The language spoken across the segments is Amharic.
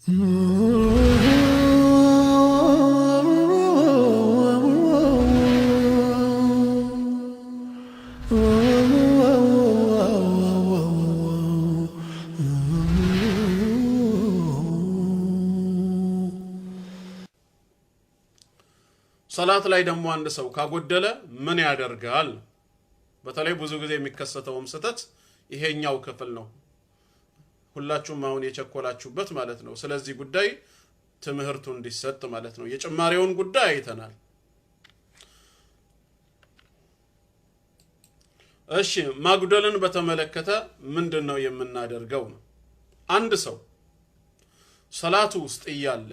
ሰላት ላይ ደግሞ አንድ ሰው ካጎደለ ምን ያደርጋል? በተለይ ብዙ ጊዜ የሚከሰተውም ስህተት ይሄኛው ክፍል ነው። ሁላችሁም አሁን የቸኮላችሁበት ማለት ነው። ስለዚህ ጉዳይ ትምህርቱ እንዲሰጥ ማለት ነው። የጭማሪውን ጉዳይ አይተናል። እሺ ማጉደልን በተመለከተ ምንድን ነው የምናደርገው? ነው አንድ ሰው ሰላቱ ውስጥ እያለ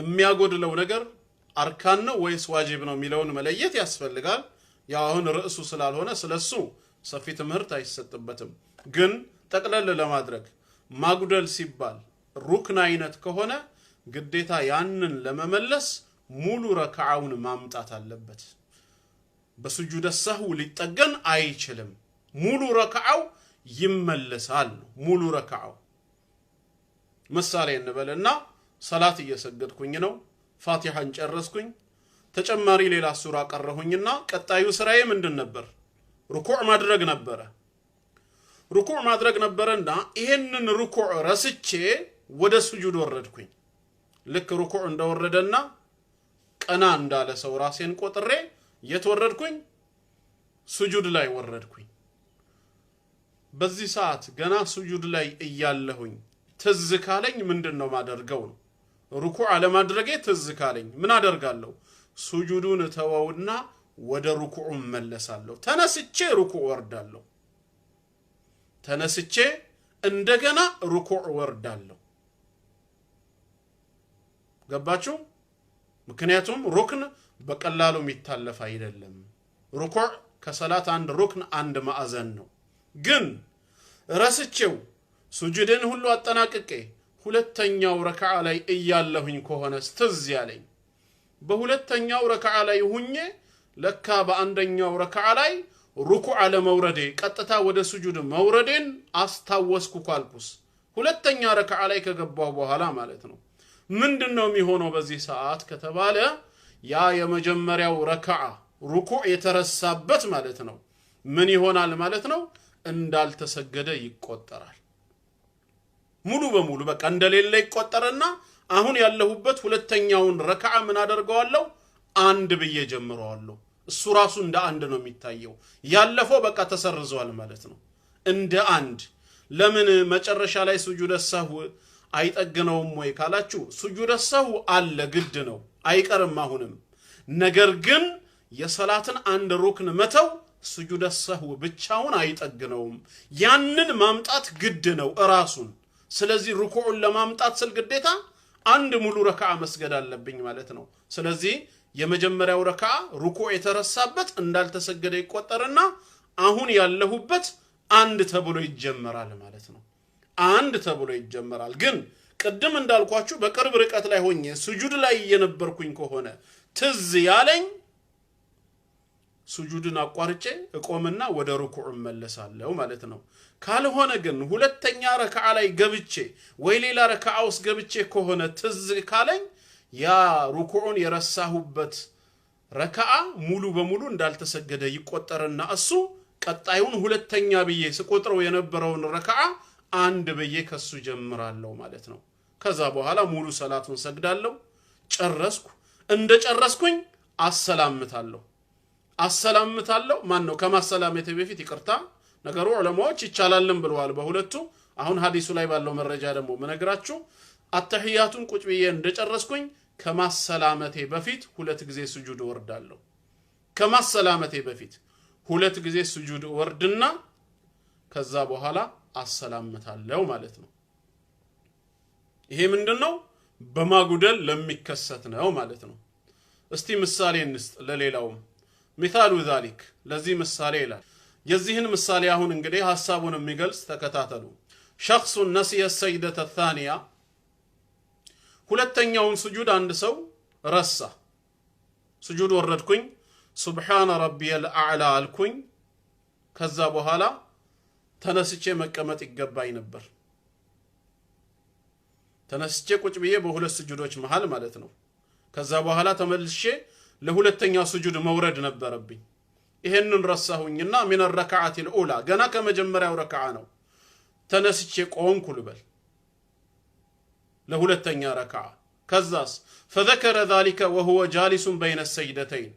የሚያጎድለው ነገር አርካን ነው ወይስ ዋጅብ ነው የሚለውን መለየት ያስፈልጋል። ያው አሁን ርዕሱ ስላልሆነ ስለሱ ሰፊ ትምህርት አይሰጥበትም፣ ግን ጠቅለል ለማድረግ ማጉደል ሲባል ሩክን አይነት ከሆነ ግዴታ ያንን ለመመለስ ሙሉ ረክዓውን ማምጣት አለበት። በስጁደ ሰህው ሊጠገን አይችልም። ሙሉ ረክዓው ይመለሳል ነው። ሙሉ ረክዓው ምሳሌ እንበልና ሰላት እየሰገድኩኝ ነው፣ ፋቲሐን ጨረስኩኝ፣ ተጨማሪ ሌላ ሱራ ቀረሁኝና ቀጣዩ ስራዬ ምንድን ነበር? ሩኩዕ ማድረግ ነበረ። ሩኩዕ ማድረግ ነበረና ይሄንን ሩኩዕ ረስቼ ወደ ስጁድ ወረድኩኝ። ልክ ሩኩዕ እንደወረደና ቀና እንዳለ ሰው ራሴን ቆጥሬ የት ወረድኩኝ? ስጁድ ላይ ወረድኩኝ። በዚህ ሰዓት ገና ስጁድ ላይ እያለሁኝ ትዝ ካለኝ ምንድን ነው ማደርገው ነው። ሩኩዕ አለማድረጌ ትዝ ካለኝ ምን አደርጋለሁ? ስጁዱን እተወውና ወደ ሩኩዑ እመለሳለሁ። ተነስቼ ሩኩዕ ወርዳለሁ። ተነስቼ እንደገና ሩኩዕ ወርዳለሁ። ገባችሁ? ምክንያቱም ሩክን በቀላሉ የሚታለፍ አይደለም። ሩኩዕ ከሰላት አንድ ሩክን አንድ ማዕዘን ነው። ግን ረስቼው ሱጁድን ሁሉ አጠናቅቄ ሁለተኛው ረክዓ ላይ እያለሁኝ ከሆነ ስትዝ ያለኝ በሁለተኛው ረክዓ ላይ ሁኜ ለካ በአንደኛው ረክዓ ላይ ሩኩ አለመውረዴ ቀጥታ ወደ ስጁድ መውረዴን አስታወስኩ ካልኩስ ሁለተኛ ረክዓ ላይ ከገባው በኋላ ማለት ነው። ምንድን ነው የሚሆነው በዚህ ሰዓት ከተባለ ያ የመጀመሪያው ረክዓ ሩኩዕ የተረሳበት ማለት ነው። ምን ይሆናል ማለት ነው? እንዳልተሰገደ ይቆጠራል። ሙሉ በሙሉ በቃ እንደሌለ ይቆጠረና አሁን ያለሁበት ሁለተኛውን ረክዓ ምን አደርገዋለሁ? አንድ ብዬ ጀምረዋለሁ። እሱ ራሱ እንደ አንድ ነው የሚታየው። ያለፈው በቃ ተሰርዘዋል ማለት ነው እንደ አንድ። ለምን መጨረሻ ላይ ሱጁደ ሰሁ አይጠግነውም ወይ ካላችሁ ሱጁደ ሰሁ አለ፣ ግድ ነው፣ አይቀርም አሁንም። ነገር ግን የሰላትን አንድ ሩክን መተው ሱጁደ ሰሁ ብቻውን አይጠግነውም። ያንን ማምጣት ግድ ነው እራሱን። ስለዚህ ሩኩዑን ለማምጣት ስል ግዴታ አንድ ሙሉ ረክዓ መስገድ አለብኝ ማለት ነው። ስለዚህ የመጀመሪያው ረካ ሩኮ የተረሳበት እንዳልተሰገደ ይቆጠርና አሁን ያለሁበት አንድ ተብሎ ይጀመራል ማለት ነው። አንድ ተብሎ ይጀመራል። ግን ቅድም እንዳልኳችሁ በቅርብ ርቀት ላይ ሆኜ ስጁድ ላይ እየነበርኩኝ ከሆነ ትዝ ያለኝ ስጁድን አቋርጬ እቆምና ወደ ሩኩዕ እመለሳለሁ ማለት ነው። ካልሆነ ግን ሁለተኛ ረክዓ ላይ ገብቼ ወይ ሌላ ረክዓ ውስጥ ገብቼ ከሆነ ትዝ ካለኝ ያ ሩኩዑን የረሳሁበት ረከዓ ሙሉ በሙሉ እንዳልተሰገደ ይቆጠርና እሱ ቀጣዩን ሁለተኛ ብዬ ስቆጥረው የነበረውን ረከዓ አንድ ብዬ ከሱ ጀምራለሁ ማለት ነው። ከዛ በኋላ ሙሉ ሰላቱን ሰግዳለሁ። ጨረስኩ። እንደ ጨረስኩኝ አሰላምታለሁ አሰላምታለሁ። ማን ነው ከማሰላመቴ በፊት ይቅርታ፣ ነገሩ ዑለማዎች ይቻላልም ብለዋል በሁለቱ። አሁን ሀዲሱ ላይ ባለው መረጃ ደግሞ መነግራችሁ አተሕያቱን ቁጭ ብዬ እንደጨረስኩኝ ከማሰላመቴ በፊት ሁለት ጊዜ ስጁድ እወርዳለሁ። ከማሰላመቴ በፊት ሁለት ጊዜ ስጁድ እወርድና ከዛ በኋላ አሰላምታለሁ ማለት ነው። ይሄ ምንድን ነው? በማጉደል ለሚከሰት ነው ማለት ነው። እስቲ ምሳሌ እንስጥ ለሌላውም። ሚታሉ ዛሊክ ለዚህ ምሳሌ ይላል። የዚህን ምሳሌ አሁን እንግዲህ ሀሳቡን የሚገልጽ ተከታተሉ። ሸክሱን ነሲየ ሰይደተ ታንያ ሁለተኛውን ስጁድ አንድ ሰው ረሳ። ስጁድ ወረድኩኝ፣ ሱብሓነ ረቢየል አዕላ አልኩኝ። ከዛ በኋላ ተነስቼ መቀመጥ ይገባኝ ነበር። ተነስቼ ቁጭ ብዬ በሁለት ስጁዶች መሃል ማለት ነው። ከዛ በኋላ ተመልሼ ለሁለተኛ ስጁድ መውረድ ነበረብኝ። ይሄንን ረሳሁኝና ሚን ረክዓት ልኡላ ገና ከመጀመሪያው ረክዓ ነው ተነስቼ ቆንኩ ልበል ለሁለተኛ ረክዓ ከዛስ ፈዘከረ ዛሊከ ወሁወ ጃሊሱን በይነ ሰይደተይን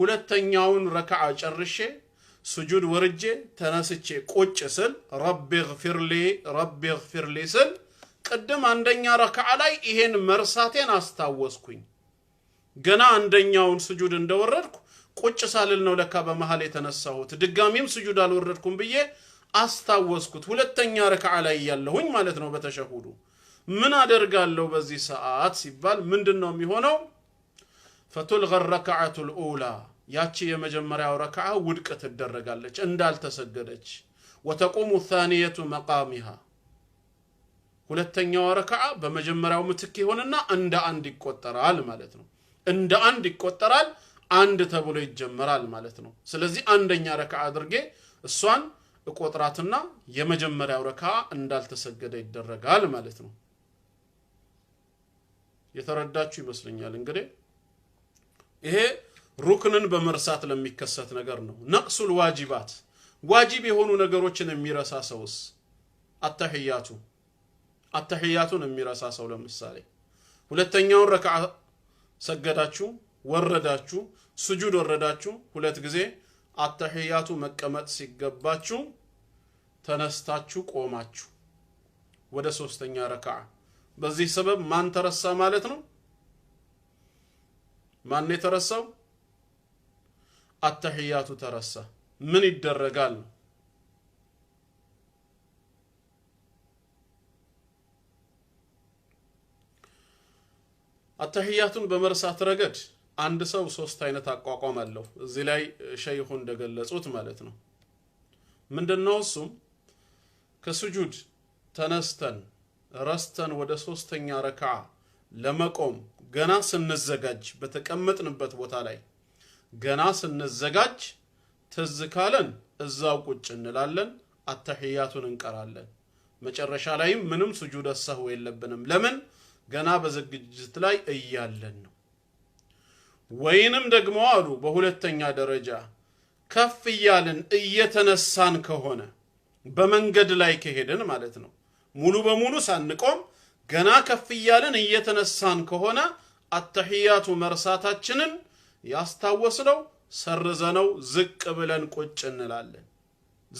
ሁለተኛውን ረክዓ ጨርሼ ስጁድ ወርጄ ተነስቼ ቁጭ ስል ረቢ ግፊርሊ ረቢ ግፊርሊ ስል ቅድም አንደኛ ረክዓ ላይ ይሄን መርሳቴን አስታወስኩኝ። ገና አንደኛውን ስጁድ እንደወረድኩ ቁጭ ሳልል ነው ለካ በመሃል የተነሳሁት። ድጋሚም ስጁድ አልወረድኩም ብዬ አስታወስኩት። ሁለተኛ ረክዓ ላይ ያለሁኝ ማለት ነው በተሸሁዱ ምን አደርጋለሁ በዚህ ሰዓት ሲባል ምንድን ነው የሚሆነው? ፈቱልገ ረክዓቱ ልኡላ ያቺ የመጀመሪያው ረክዓ ውድቅ ትደረጋለች እንዳልተሰገደች። ወተቁሙ ታንየቱ መቃሚሃ ሁለተኛዋ ረክዓ በመጀመሪያው ምትክ ይሆንና እንደ አንድ ይቆጠራል ማለት ነው። እንደ አንድ ይቆጠራል፣ አንድ ተብሎ ይጀመራል ማለት ነው። ስለዚህ አንደኛ ረክዓ አድርጌ እሷን እቆጥራትና የመጀመሪያው ረክዓ እንዳልተሰገደ ይደረጋል ማለት ነው። የተረዳችሁ ይመስለኛል። እንግዲህ ይሄ ሩክንን በመርሳት ለሚከሰት ነገር ነው። ነቅሱል ዋጅባት ዋጅብ የሆኑ ነገሮችን የሚረሳ ሰውስ አተሕያቱ አተሕያቱን የሚረሳ ሰው ለምሳሌ ሁለተኛውን ረክዓ ሰገዳችሁ፣ ወረዳችሁ፣ ስጁድ ወረዳችሁ ሁለት ጊዜ አተሕያቱ መቀመጥ ሲገባችሁ ተነስታችሁ ቆማችሁ ወደ ሶስተኛ ረክዓ በዚህ ሰበብ ማን ተረሳ ማለት ነው? ማን የተረሳው? አተሕያቱ ተረሳ። ምን ይደረጋል? አተሕያቱን በመርሳት ረገድ አንድ ሰው ሶስት አይነት አቋቋም አለው። እዚህ ላይ ሸይሁ እንደገለጹት ማለት ነው። ምንድነው እሱም ከስጁድ ተነስተን ረስተን ወደ ሶስተኛ ረክዓ ለመቆም ገና ስንዘጋጅ በተቀመጥንበት ቦታ ላይ ገና ስንዘጋጅ ትዝ ካለን እዛው ቁጭ እንላለን፣ አተሕያቱን እንቀራለን። መጨረሻ ላይም ምንም ስጁድ ሰህው የለብንም። ለምን? ገና በዝግጅት ላይ እያለን ነው። ወይንም ደግሞ አሉ በሁለተኛ ደረጃ ከፍ እያልን እየተነሳን ከሆነ በመንገድ ላይ ከሄድን ማለት ነው ሙሉ በሙሉ ሳንቆም ገና ከፍ እያለን እየተነሳን ከሆነ አተሕያቱ መርሳታችንን ያስታወስነው ሰርዘነው ዝቅ ብለን ቁጭ እንላለን።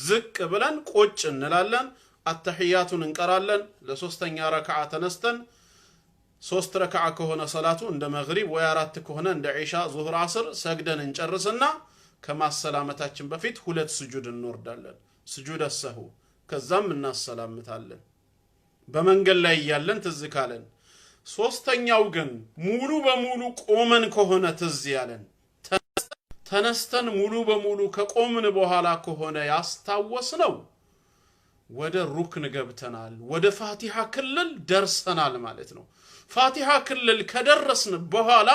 ዝቅ ብለን ቁጭ እንላለን። አተሕያቱን እንቀራለን። ለሶስተኛ ረክዓ ተነስተን ሶስት ረክዓ ከሆነ ሰላቱ እንደ መግሪብ ወይ አራት ከሆነ እንደ ዒሻ፣ ዙሁር፣ አስር ሰግደን እንጨርስና ከማሰላመታችን በፊት ሁለት ስጁድ እንወርዳለን። ስጁድ አሰሁ ከዛም እናሰላምታለን። በመንገድ ላይ እያለን ትዝ ካለን፣ ሶስተኛው ግን ሙሉ በሙሉ ቆመን ከሆነ ትዝ ያለን ተነስተን ሙሉ በሙሉ ከቆምን በኋላ ከሆነ ያስታወስ ነው ወደ ሩክን ገብተናል፣ ወደ ፋቲሃ ክልል ደርሰናል ማለት ነው። ፋቲሃ ክልል ከደረስን በኋላ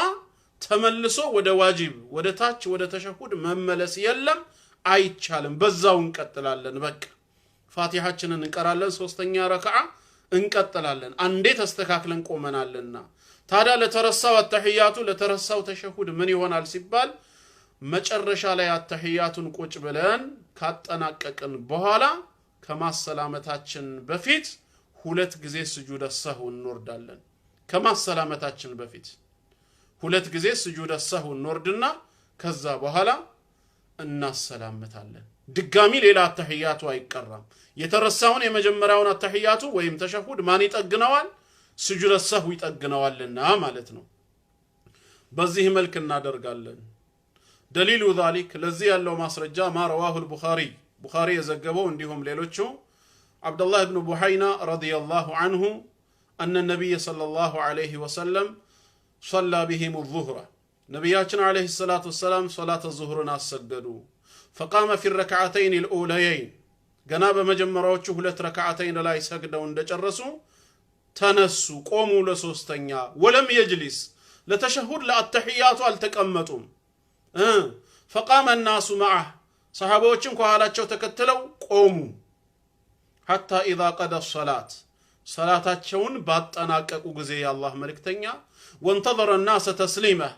ተመልሶ ወደ ዋጅብ ወደ ታች ወደ ተሸሁድ መመለስ የለም፣ አይቻልም። በዛው እንቀጥላለን። በቃ ፋቲሃችንን እንቀራለን ሶስተኛ ረክዓ እንቀጥላለን። አንዴ ተስተካክለን ቆመናልና። ታዲያ ለተረሳው አተሕያቱ ለተረሳው ተሸሁድ ምን ይሆናል ሲባል መጨረሻ ላይ አተሕያቱን ቁጭ ብለን ካጠናቀቅን በኋላ ከማሰላመታችን በፊት ሁለት ጊዜ ስጁደ ሰሁ እንወርዳለን። ከማሰላመታችን በፊት ሁለት ጊዜ ስጁደ ሰሁ እንወርድና ከዛ በኋላ እናሰላምታለን። ድጋሚ ሌላ አተሕያቱ አይቀራም። የተረሳውን የመጀመሪያውን አተሕያቱ ወይም ተሸሁድ ማን ይጠግነዋል? ስጁደ ሰሁ ይጠግነዋልና ማለት ነው። በዚህ መልክ እናደርጋለን። ደሊሉ ዛሊክ ለዚህ ያለው ማስረጃ ማ ረዋሁ ልቡኻሪ ቡኻሪ የዘገበው እንዲሁም ሌሎቹ አብደላህ ብኑ ቡሐይና ረዲየላሁ አንሁ አነ ነቢይ ሰለላሁ ዐለይሂ ወሰለም ሶላ ቢሂም ዙሁራ ነቢያችን ዐለይሂ ሰላቱ ወሰላም ሰላተ ዙሁርን አሰገዱ ፈቃመ ፊ ረክዓተይን ልኡለየይን ገና በመጀመሪያዎቹ ሁለት ረክዓተይን ላይ ሰግደው እንደጨረሱ ተነሱ፣ ቆሙ ለሶስተኛ። ወለም የጅሊስ ለተሸሁድ ለአተሕያቱ አልተቀመጡም። ፈቃመ ናሱ መዓህ ሰሓባዎችም ከኋላቸው ተከትለው ቆሙ። ሐታ ኢዛ ቀደ ሰላት ሰላታቸውን ባጠናቀቁ ጊዜ የአላህ መልእክተኛ ወንተዘረ ናሰ ተስሊመህ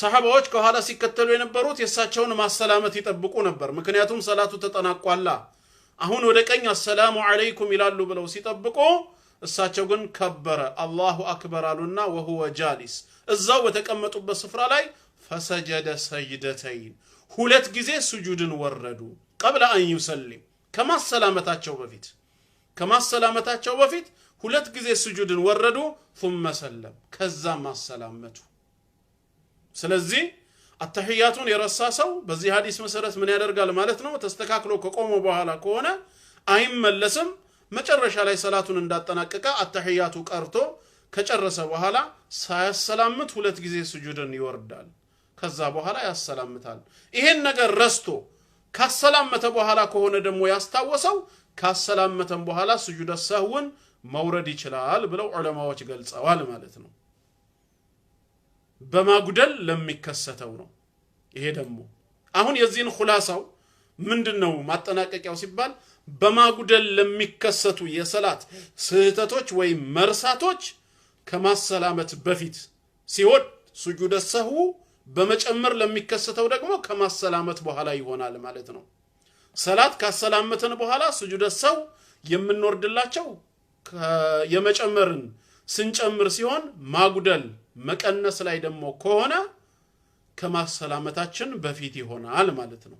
ሰሐባዎች ከኋላ ሲከተሉ የነበሩት የእሳቸውን ማሰላመት ይጠብቁ ነበር። ምክንያቱም ሰላቱ ተጠናቋላ። አሁን ወደ ቀኝ አሰላሙ አለይኩም ይላሉ ብለው ሲጠብቁ እሳቸው ግን ከበረ አላሁ አክበር አሉና ወሁወ ጃሊስ እዛው በተቀመጡበት ስፍራ ላይ ፈሰጀደ ሰይደተይን ሁለት ጊዜ ስጁድን ወረዱ። ቀብለ አን ዩሰሊም ከማሰላመታቸው በፊት ከማሰላመታቸው በፊት ሁለት ጊዜ ስጁድን ወረዱ። ثመ ሰለም ከዛም አሰላመቱ። ስለዚህ አተሕያቱን የረሳ ሰው በዚህ ሀዲስ መሰረት ምን ያደርጋል ማለት ነው? ተስተካክሎ ከቆመ በኋላ ከሆነ አይመለስም። መጨረሻ ላይ ሰላቱን እንዳጠናቀቀ አተሕያቱ ቀርቶ ከጨረሰ በኋላ ሳያሰላምት ሁለት ጊዜ ስጁድን ይወርዳል። ከዛ በኋላ ያሰላምታል። ይሄን ነገር ረስቶ ካሰላመተ በኋላ ከሆነ ደግሞ ያስታወሰው ካሰላመተም በኋላ ስጁደ ሰህውን መውረድ ይችላል ብለው ዑለማዎች ገልጸዋል ማለት ነው። በማጉደል ለሚከሰተው ነው። ይሄ ደግሞ አሁን የዚህን ሁላሳው ምንድን ነው ማጠናቀቂያው ሲባል በማጉደል ለሚከሰቱ የሰላት ስህተቶች ወይም መርሳቶች ከማሰላመት በፊት ሲሆን ሱጁደ በመጨመር ለሚከሰተው ደግሞ ከማሰላመት በኋላ ይሆናል ማለት ነው። ሰላት ካሰላመትን በኋላ ሱጁደ የምንወርድላቸው የመጨመርን ስንጨምር ሲሆን ማጉደል መቀነስ ላይ ደግሞ ከሆነ ከማሰላመታችን በፊት ይሆናል ማለት ነው።